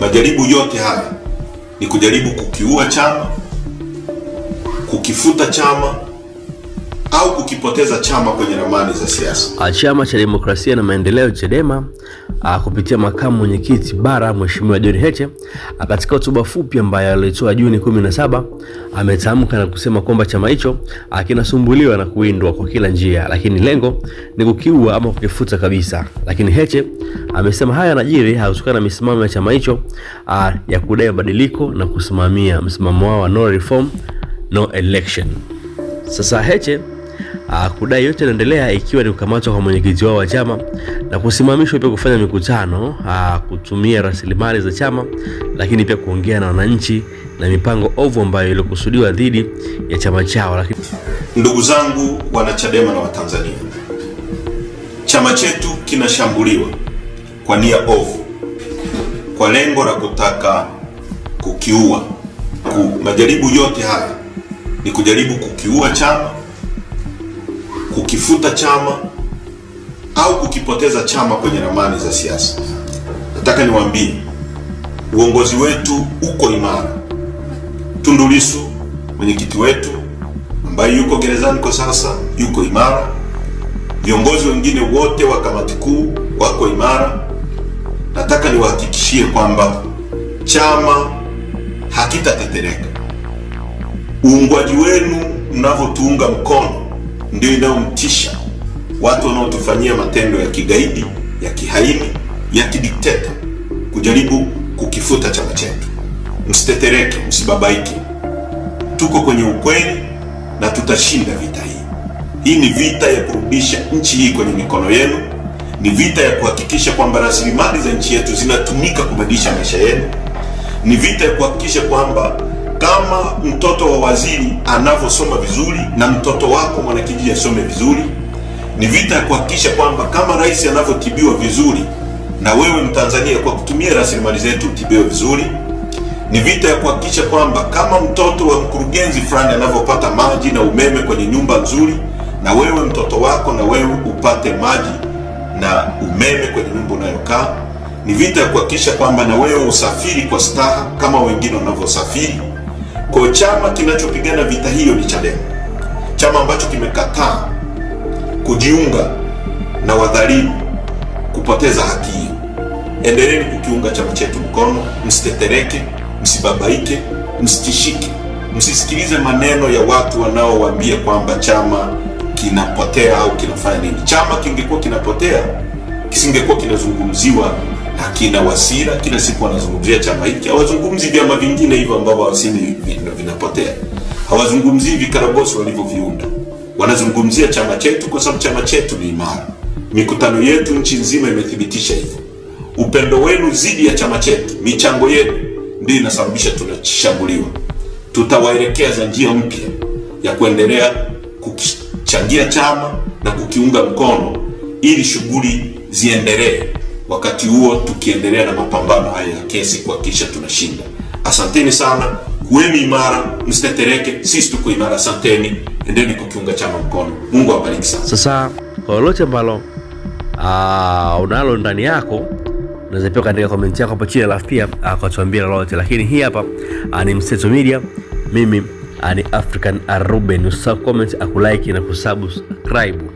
Majaribu yote haya ni kujaribu kukiua chama, kukifuta chama au kukipoteza chama kwenye ramani za siasa. Ah, chama cha Demokrasia na Maendeleo Chadema a, ah, kupitia makamu mwenyekiti bara Mheshimiwa John Heche ah, katika hotuba fupi ambayo alitoa Juni 17 ametamka na kusema kwamba chama hicho kinasumbuliwa na kuindwa kwa kila njia, lakini lengo ni kukiua ama kukifuta kabisa. Lakini Heche amesema haya yanajiri hayatokana na misimamo ya chama hicho ya kudai mabadiliko na kusimamia msimamo wao wa no reform, no election. Sasa Heche Ah, kudai yote yanaendelea ikiwa ni kukamatwa kwa mwenyekiti wao wa chama na kusimamishwa pia kufanya mikutano aa, ah, kutumia rasilimali za chama, lakini pia kuongea na wananchi na mipango ovu ambayo ilikusudiwa dhidi ya chama chao. Lakini ndugu zangu wanachadema na Watanzania, chama chetu kinashambuliwa kwa nia ovu, kwa lengo la kutaka kukiua. Majaribu yote haya ni kujaribu kukiua chama kukifuta chama au kukipoteza chama kwenye ramani za siasa. Nataka niwaambie, uongozi wetu uko imara. Tundu Lissu mwenyekiti wetu ambaye yuko gerezani kwa sasa yuko imara, viongozi wengine wote wa kamati kuu wako imara. Nataka niwahakikishie kwamba chama hakitatetereka. Uungwaji wenu mnavyotuunga mkono ndio inayomtisha watu wanaotufanyia matendo ya kigaidi, ya kihaini, ya kidikteta kujaribu kukifuta chama chetu. Msitetereke, msibabaike, tuko kwenye ukweli na tutashinda vita hii. Hii ni vita ya kurudisha nchi hii kwenye mikono yenu, ni vita ya kuhakikisha kwamba rasilimali za nchi yetu zinatumika kubadilisha maisha yenu, ni vita ya kuhakikisha kwamba kama mtoto wa waziri anavyosoma vizuri na mtoto wako mwanakijiji asome vizuri. Ni vita ya kuhakikisha kwamba kama rais anavyotibiwa vizuri, na wewe Mtanzania kwa kutumia rasilimali zetu utibiwe vizuri. Ni vita ya kuhakikisha kwamba kama mtoto wa mkurugenzi fulani anavyopata maji na umeme kwenye nyumba nzuri, na wewe mtoto wako na wewe upate maji na umeme kwenye nyumba unayokaa. Ni vita ya kuhakikisha kwamba na wewe usafiri kwa staha kama wengine wanavyosafiri kwa chama kinachopigana vita hiyo ni Chadema, chama ambacho kimekataa kujiunga na wadhalimu kupoteza haki hiyo. Endeleeni kukiunga chama chetu mkono, msitetereke, msibabaike, msitishike, msisikilize maneno ya watu wanaowaambia kwamba chama kinapotea au kinafanya nini. Chama kingekuwa kinapotea, kisingekuwa kinazungumziwa hakina wasira. Kila siku wanazungumzia chama hiki, hawazungumzi vyama vingine hivyo ambavyo asili vinapotea. Hawazungumzii vikaragosi walivyoviunda, wanazungumzia chama chetu, kwa sababu chama chetu ni imara. Mikutano yetu nchi nzima imethibitisha hivyo. Upendo wenu zidi ya chama chetu, michango yenu ndio inasababisha tunashambuliwa. Tutawaelekeza njia mpya ya kuendelea kukichangia chama na kukiunga mkono ili shughuli ziendelee wakati huo tukiendelea na mapambano haya ya kesi kuhakikisha tunashinda. Asanteni sana, kuweni imara, msitetereke, sisi tuko imara. Asanteni, endeni kukiunga chama mkono. Mungu awabariki sana. Sasa kwa lolote ambalo ah, unalo ndani yako unaweza pia ukaandika komenti yako hapo chini, alafu pia akatuambia ah, lolote, lakini hii hapa ah, ni Mseto Media, mimi ni African Ruben. Usisahau comment, akulike na kusubscribe.